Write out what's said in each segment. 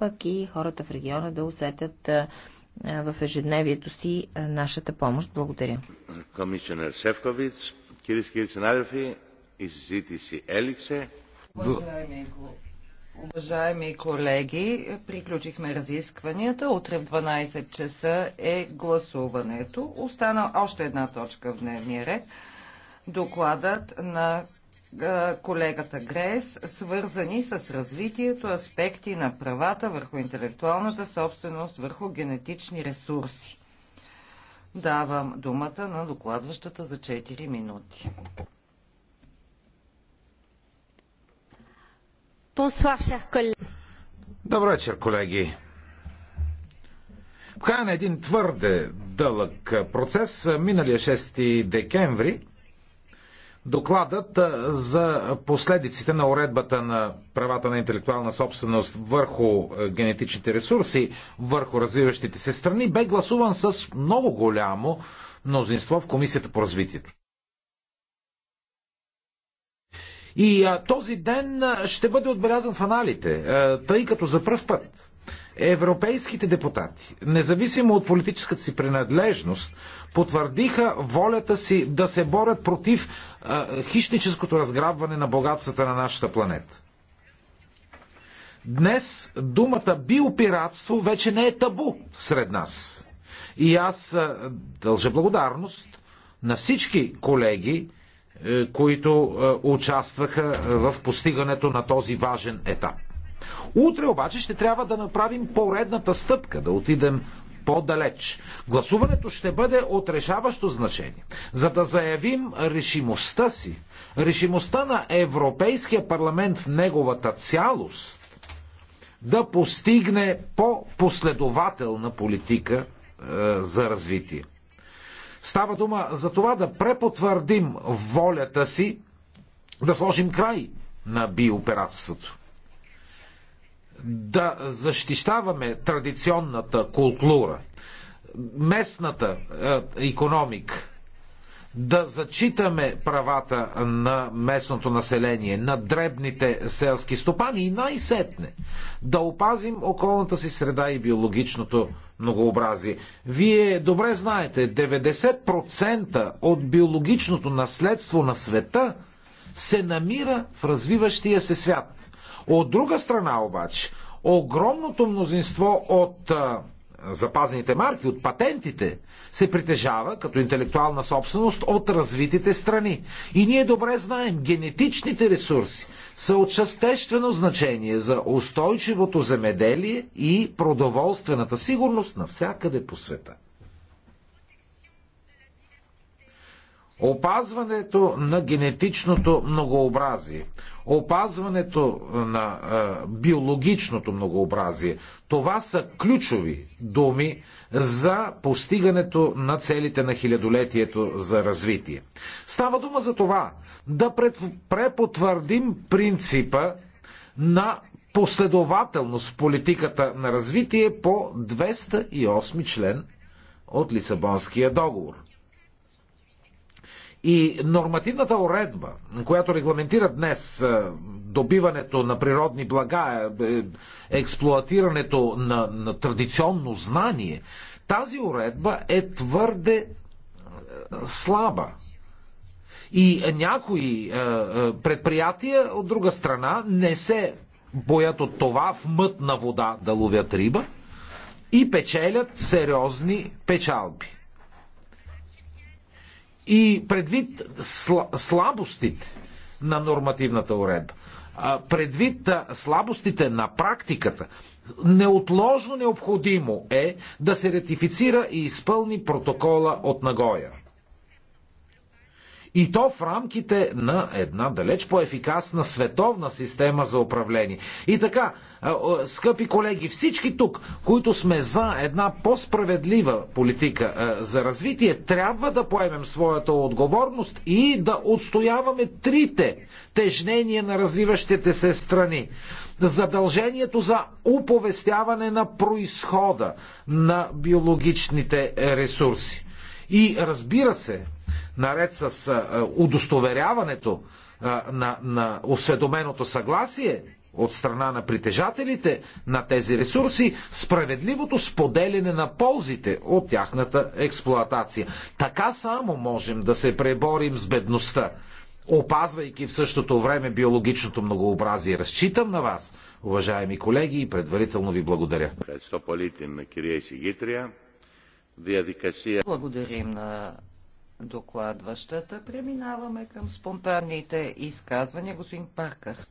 пък и хората в региона да усетят в ежедневието си нашата помощ. Благодаря. Комисионер Севковиц, Кирис Кирис κύριοι συνάδελφοι, η Уважаеми колеги, приключихме разискванията. Утре в 12 часа е гласуването. Остана още една точка в дневния ред. Докладът на е, колегата Грес, свързани с развитието аспекти на правата върху интелектуалната собственост, върху генетични ресурси. Давам думата на докладващата за 4 минути. Добър вечер, колеги. В края на един твърде дълъг процес, миналия 6 декември, Докладът за последиците на уредбата на правата на интелектуална собственост върху генетичните ресурси, върху развиващите се страни, бе гласуван с много голямо мнозинство в Комисията по развитието. И а, този ден ще бъде отбелязан в аналите, а, тъй като за пръв път Европейските депутати, независимо от политическата си принадлежност, потвърдиха волята си да се борят против а, хищническото разграбване на богатствата на нашата планета. Днес думата биопиратство вече не е табу сред нас. И аз дължа благодарност на всички колеги, е, които участваха в постигането на този важен етап. Утре обаче ще трябва да направим поредната стъпка, да отидем по-далеч. Гласуването ще бъде от решаващо значение, за да заявим решимостта си, решимостта на Европейския парламент в неговата цялост да постигне по-последователна политика е, за развитие. Става дума за това да препотвърдим волята си да сложим край на биоператството да защищаваме традиционната култура, местната економика, да зачитаме правата на местното население, на дребните селски стопани и най-сетне да опазим околната си среда и биологичното многообразие. Вие добре знаете, 90% от биологичното наследство на света се намира в развиващия се свят. От друга страна обаче, огромното мнозинство от запазените марки, от патентите, се притежава като интелектуална собственост от развитите страни. И ние добре знаем, генетичните ресурси са от съществено значение за устойчивото земеделие и продоволствената сигурност навсякъде по света. Опазването на генетичното многообразие опазването на биологичното многообразие. Това са ключови думи за постигането на целите на хилядолетието за развитие. Става дума за това да препотвърдим принципа на последователност в политиката на развитие по 208 член от Лисабонския договор. И нормативната уредба, която регламентира днес е, добиването на природни блага, е, е, експлоатирането на, на традиционно знание, тази уредба е твърде слаба. И някои предприятия, от друга страна, не се боят от това в мътна вода да ловят риба и печелят сериозни печалби и предвид слабостите на нормативната уредба, предвид слабостите на практиката, неотложно необходимо е да се ратифицира и изпълни протокола от Нагоя. И то в рамките на една далеч по-ефикасна световна система за управление. И така, скъпи колеги, всички тук, които сме за една по-справедлива политика за развитие, трябва да поемем своята отговорност и да отстояваме трите тежнения на развиващите се страни. Задължението за оповестяване на происхода на биологичните ресурси. И разбира се, наред с удостоверяването на, на осведоменото съгласие от страна на притежателите на тези ресурси, справедливото споделяне на ползите от тяхната експлоатация. Така само можем да се преборим с бедността, опазвайки в същото време биологичното многообразие. Разчитам на вас, уважаеми колеги, и предварително ви благодаря. Благодарим на докладващата. Преминаваме към спонтанните изказвания. Господин Паркър.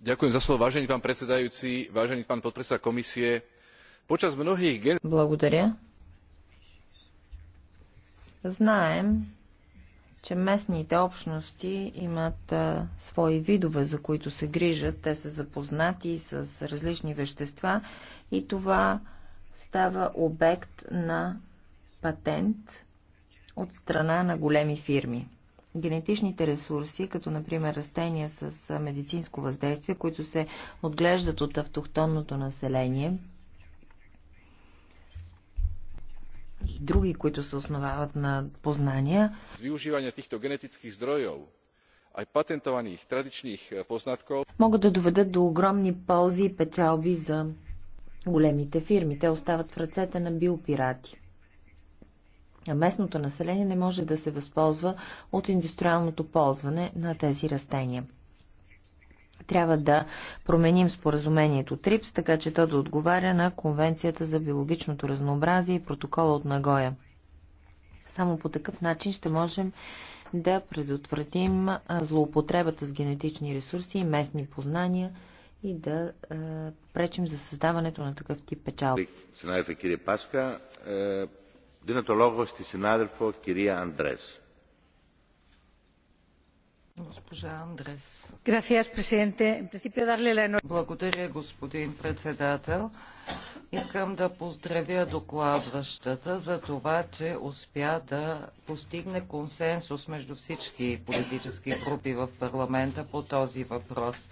Ďakujem za slovo, vážený pán predsedajúci, vážený pán podpredseda komisie. Počas mnohých... Благодаря. Знаем, че местните общности имат а, свои видове, за които се грижат. Те са запознати с различни вещества и това става обект на патент от страна на големи фирми. Генетичните ресурси, като например растения с медицинско въздействие, които се отглеждат от автохтонното население, и други, които се основават на познания. Z využívania týchto genetických zdrojov aj патентованих традичних познатков, могат да доведат до огромни ползи и печалби за големите фирми. Те остават в ръцете на биопирати. А местното население не може да се възползва от индустриалното ползване на тези растения. Трябва да променим споразумението ТРИПС, така че то да отговаря на Конвенцията за биологичното разнообразие и протокола от Нагоя. Само по такъв начин ще можем да предотвратим злоупотребата с генетични ресурси и местни познания – и да е, пречим за създаването на такъв тип печал. Συνάδελφε κύριε Πάσκα, ε, δίνω το λόγο στη συνάδελφο κυρία Ανδρές. Госпожа Андрес. Благодаря, господин председател. Искам да поздравя докладващата за това, че успя да постигне консенсус между всички политически групи в парламента по този въпрос.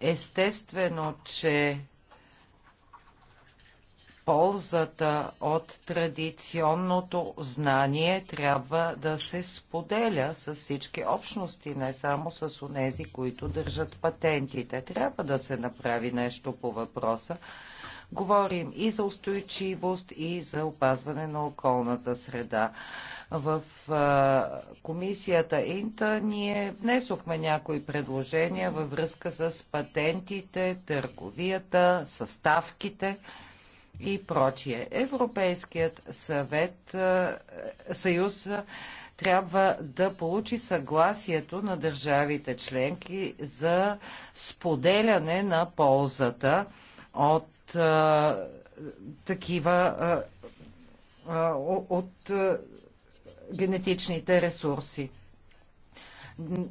Естествено, че ползата от традиционното знание трябва да се споделя с всички общности, не само с онези, които държат патентите. Трябва да се направи нещо по въпроса, Говорим и за устойчивост, и за опазване на околната среда. В комисията Инта ние внесохме някои предложения във връзка с патентите, търговията, съставките и прочие. Европейският съвет, съюз трябва да получи съгласието на държавите членки за споделяне на ползата от а, такива а, от а, генетичните ресурси.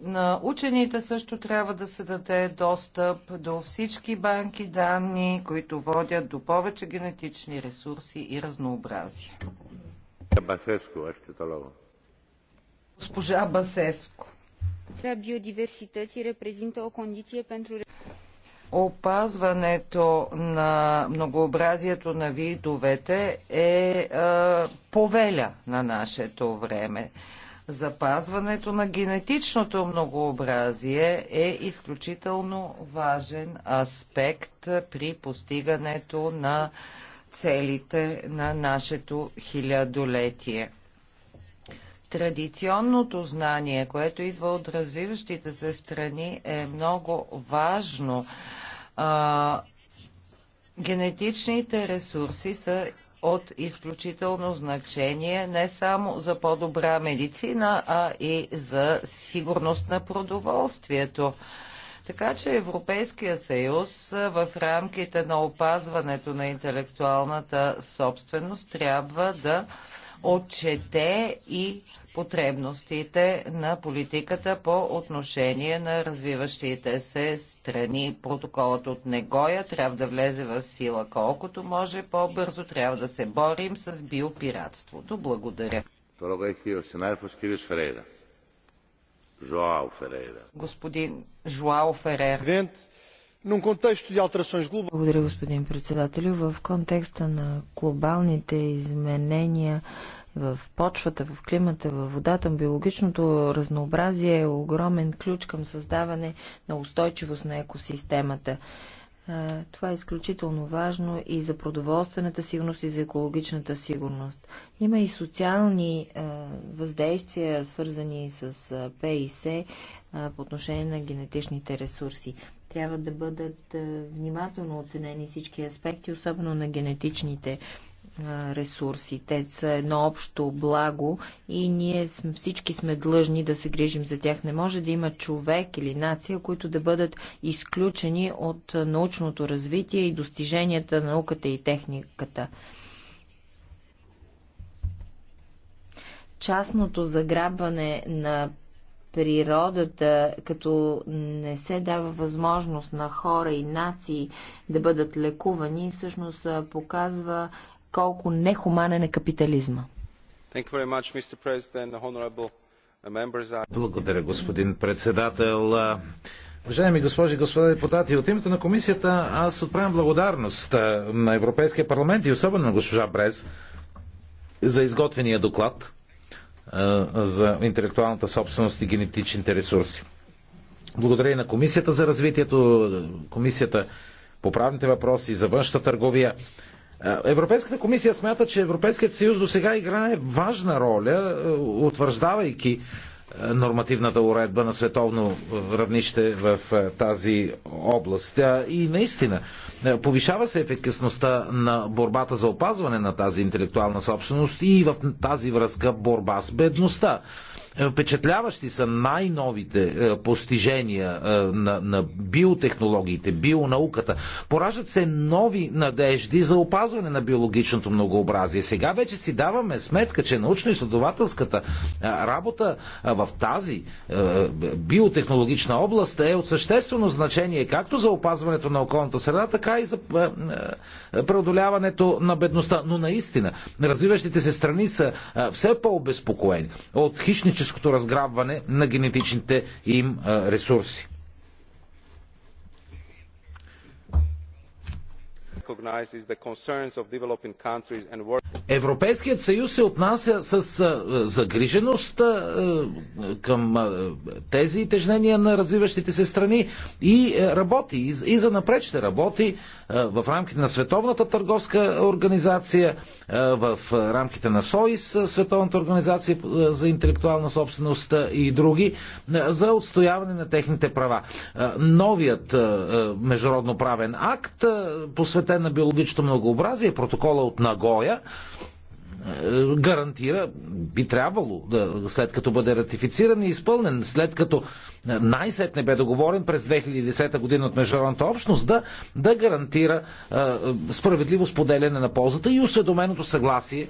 На учените също трябва да се даде достъп до всички банки данни, които водят до повече генетични ресурси и разнообразие. Басеско, Госпожа Басеско. биодиверситет и o кондиция pentru опазването на многообразието на видовете е, е повеля на нашето време. Запазването на генетичното многообразие е изключително важен аспект при постигането на целите на нашето хилядолетие традиционното знание, което идва от развиващите се страни, е много важно а, генетичните ресурси са от изключително значение не само за по-добра медицина, а и за сигурност на продоволствието. Така че Европейския съюз в рамките на опазването на интелектуалната собственост трябва да отчете и потребностите на политиката по отношение на развиващите се страни. Протоколът от Негоя трябва да влезе в сила колкото може по-бързо. Трябва да се борим с биопиратството. Благодаря. Господин Жуао Ферейра num contexto de alterações globais. Благодаря, господин председателю. В контекста на глобалните изменения в почвата, в климата, в водата, биологичното разнообразие е огромен ключ към създаване на устойчивост на екосистемата. Това е изключително важно и за продоволствената сигурност, и за екологичната сигурност. Има и социални въздействия, свързани с ПИС по отношение на генетичните ресурси. Трябва да бъдат внимателно оценени всички аспекти, особено на генетичните ресурси. Те са едно общо благо и ние всички сме длъжни да се грижим за тях. Не може да има човек или нация, които да бъдат изключени от научното развитие и достиженията на науката и техниката. частното заграбване на природата, като не се дава възможност на хора и нации да бъдат лекувани, всъщност показва колко нехуманен е капитализма. Uh, Благодаря, господин председател. Уважаеми госпожи и господа депутати, от името на комисията аз отправям благодарност на Европейския парламент и особено на госпожа Брез за изготвения доклад – за интелектуалната собственост и генетичните ресурси. Благодаря и на Комисията за развитието, Комисията по правните въпроси, за външната търговия. Европейската комисия смята, че Европейският съюз до сега играе важна роля, утвърждавайки нормативната уредба на световно равнище в е, тази област. И наистина, е, повишава се ефикасността на борбата за опазване на тази интелектуална собственост и в тази връзка борба с бедността. Е, впечатляващи са най-новите е, постижения е, на, на биотехнологиите, бионауката. Поражат се нови надежди за опазване на биологичното многообразие. Сега вече си даваме сметка, че научно-изследователската работа в тази биотехнологична област е от съществено значение както за опазването на околната среда, така и за преодоляването на бедността. Но наистина, развиващите се страни са все по-обезпокоени от хищничество економическото разграбване на генетичните им ресурси. Европейският съюз се отнася с загриженост към тези тежнения на развиващите се страни и е, работи, и за напред ще работи в рамките на Световната търговска организация, в рамките на СОИС, Световната организация за интелектуална собственост и други, за отстояване на техните права. Новият международно правен акт, посветен защитена на биологичното многообразие. Протокола от Нагоя е, гарантира, би трябвало, да, след като бъде ратифициран и изпълнен, след като най-сетне бе договорен през 2010 година от Международната общност, да, да гарантира а, е, справедливо споделяне на ползата и осведоменото съгласие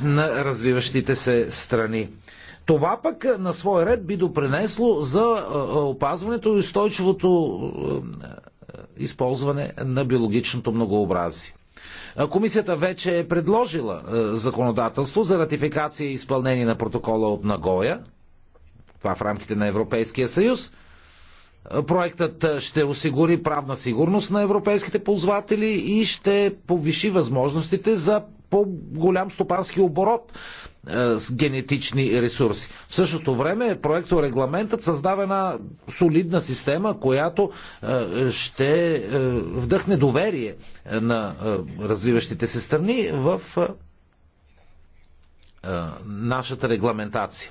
на развиващите се страни. Това пък е, на свой ред би допринесло за опазването и устойчивото е, използване на биологичното многообразие. Комисията вече е предложила е, законодателство за ратификация и изпълнение на протокола от Нагоя, това в рамките на Европейския съюз. Е, проектът ще осигури правна сигурност на европейските ползватели и ще повиши възможностите за по-голям стопански оборот е, с генетични ресурси. В същото време проекто регламентът създава една солидна система, която е, ще е, вдъхне доверие на развиващите се страни в нашата регламентация.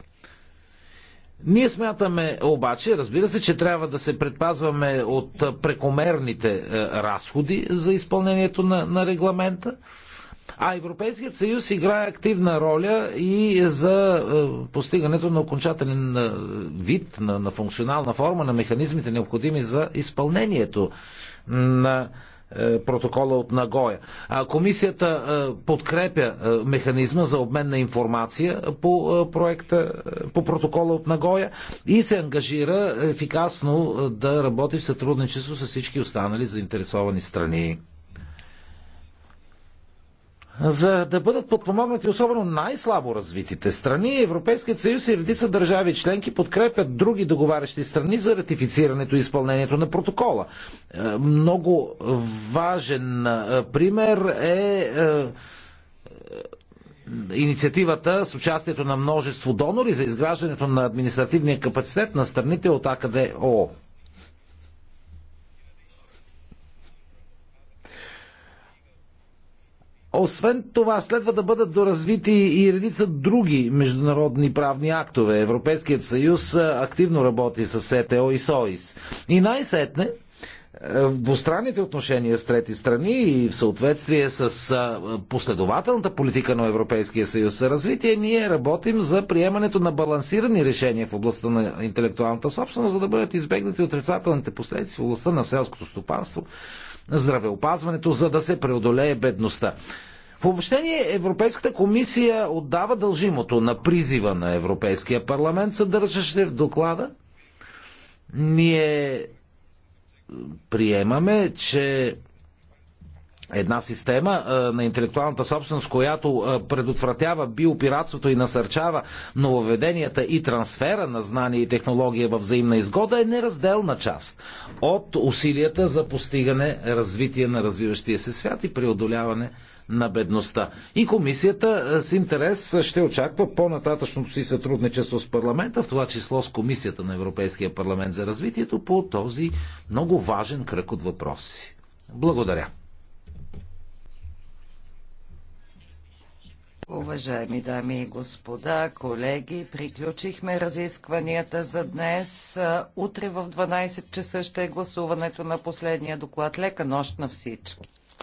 Ние смятаме обаче, разбира се, че трябва да се предпазваме от прекомерните разходи за изпълнението на, на регламента. А Европейският съюз играе активна роля и за е, постигането на окончателен е, вид, на, на функционална форма на механизмите, необходими за изпълнението на е, протокола от Нагоя. Комисията подкрепя механизма за обмен на информация по проекта, по протокола от Нагоя и се ангажира ефикасно да работи в сътрудничество с всички останали заинтересовани страни. За да бъдат подпомогнати особено най-слабо развитите страни, Европейският съюз и редица държави членки подкрепят други договарящи страни за ратифицирането и изпълнението на протокола. Е, много важен е, пример е, е инициативата с участието на множество донори за изграждането на административния капацитет на страните от АКДО. Освен това, следва да бъдат доразвити и редица други международни правни актове. Европейският съюз активно работи с СТО и СОИС. И най-сетне, в двустранните отношения с трети страни и в съответствие с последователната политика на Европейския съюз за развитие, ние работим за приемането на балансирани решения в областта на интелектуалната собственост, за да бъдат избегнати отрицателните последици в областта на селското стопанство здравеопазването, за да се преодолее бедността. В обобщение Европейската комисия отдава дължимото на призива на Европейския парламент, съдържащ се в доклада. Ние приемаме, че една система на интелектуалната собственост, която предотвратява биопиратството и насърчава нововведенията и трансфера на знания и технология във взаимна изгода, е неразделна част от усилията за постигане развитие на развиващия се свят и преодоляване на бедността. И комисията с интерес ще очаква по-нататъчното си сътрудничество с парламента, в това число с комисията на Европейския парламент за развитието по този много важен кръг от въпроси. Благодаря. Уважаеми дами и господа, колеги, приключихме разискванията за днес. Утре в 12 часа ще е гласуването на последния доклад. Лека нощ на всички!